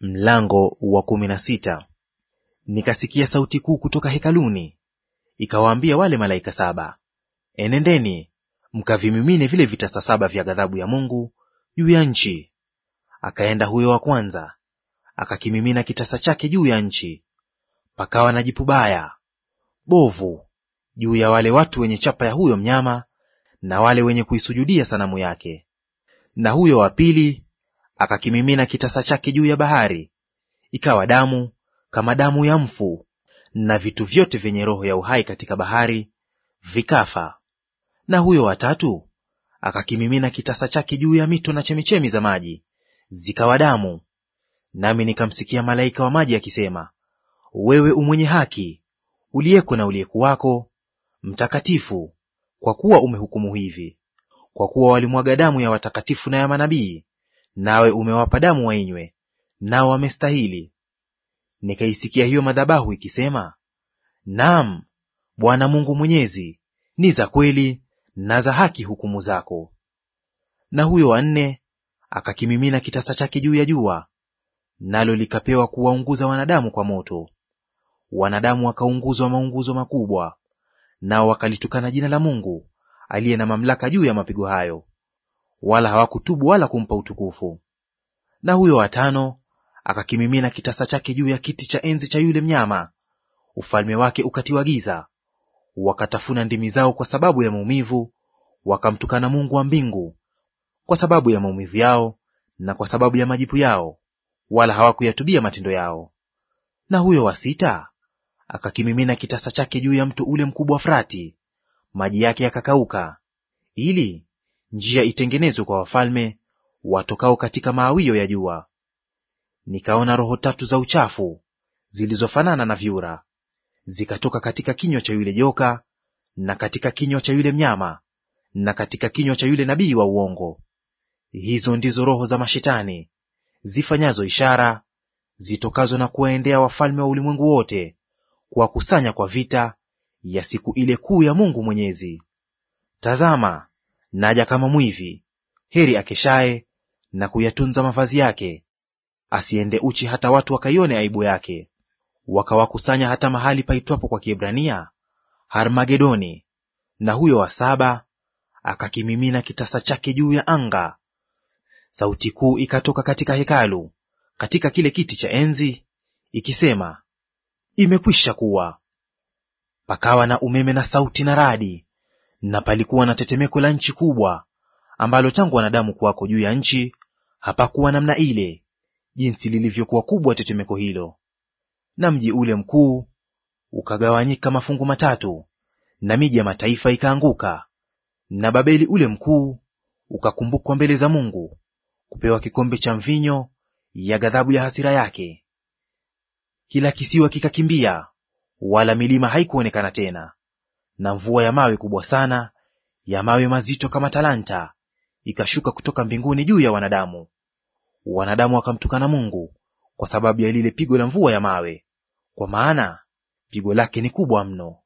Mlango wa kumi na sita. Nikasikia sauti kuu kutoka hekaluni ikawaambia wale malaika saba, enendeni mkavimimine vile vitasa saba vya ghadhabu ya Mungu juu ya nchi. Akaenda huyo wa kwanza akakimimina kitasa chake juu ya nchi, pakawa na jipu baya bovu juu ya wale watu wenye chapa ya huyo mnyama na wale wenye kuisujudia sanamu yake. Na huyo wa pili akakimimina kitasa chake juu ya bahari, ikawa damu kama damu ya mfu, na vitu vyote vyenye roho ya uhai katika bahari vikafa. Na huyo watatu akakimimina kitasa chake juu ya mito na chemichemi za maji, zikawa damu. Nami nikamsikia malaika wa maji akisema, wewe umwenye haki, uliyeko na uliyekuwako, mtakatifu, kwa kuwa umehukumu hivi, kwa kuwa walimwaga damu ya watakatifu na ya manabii nawe umewapa damu wainywe, nao wamestahili. Nikaisikia hiyo madhabahu ikisema, Naam, Bwana Mungu Mwenyezi, ni za kweli na za haki hukumu zako. Na huyo wa nne akakimimina kitasa chake juu ya jua, nalo likapewa kuwaunguza wanadamu kwa moto. Wanadamu wakaunguzwa maunguzo makubwa, nao wakalitukana jina la Mungu aliye na mamlaka juu ya mapigo hayo wala hawakutubu wala kumpa utukufu. Na huyo watano akakimimina kitasa chake juu ya kiti cha enzi cha yule mnyama, ufalme wake ukatiwa giza. Wakatafuna ndimi zao kwa sababu ya maumivu, wakamtukana Mungu wa mbingu kwa sababu ya maumivu yao na kwa sababu ya majipu yao, wala hawakuyatubia matendo yao. Na huyo wa sita akakimimina kitasa chake juu ya mto ule mkubwa Frati, maji yake yakakauka, ili njia itengenezwe kwa wafalme watokao katika maawio ya jua. Nikaona roho tatu za uchafu zilizofanana na vyura, zikatoka katika kinywa cha yule joka na katika kinywa cha yule mnyama na katika kinywa cha yule nabii wa uongo. Hizo ndizo roho za mashetani zifanyazo ishara, zitokazo na kuwaendea wafalme wa ulimwengu wote, kuwakusanya kwa vita ya siku ile kuu ya Mungu Mwenyezi. Tazama, naja kama mwivi. Heri akeshaye na kuyatunza mavazi yake, asiende uchi hata watu wakaione aibu yake. Wakawakusanya hata mahali paitwapo kwa Kiebrania Harmagedoni, na huyo wa saba akakimimina kitasa chake juu ya anga. Sauti kuu ikatoka katika hekalu, katika kile kiti cha enzi, ikisema, imekwisha kuwa. Pakawa na umeme na sauti na radi na palikuwa na tetemeko la nchi kubwa, ambalo tangu wanadamu kuwako juu ya nchi hapakuwa namna ile, jinsi lilivyokuwa kubwa tetemeko hilo. Na mji ule mkuu ukagawanyika mafungu matatu, na miji ya mataifa ikaanguka. Na Babeli ule mkuu ukakumbukwa mbele za Mungu, kupewa kikombe cha mvinyo ya ghadhabu ya hasira yake. Kila kisiwa kikakimbia, wala milima haikuonekana tena na mvua ya mawe kubwa sana ya mawe mazito kama talanta ikashuka kutoka mbinguni juu ya wanadamu. Wanadamu wakamtukana Mungu kwa sababu ya lile pigo la mvua ya mawe, kwa maana pigo lake ni kubwa mno.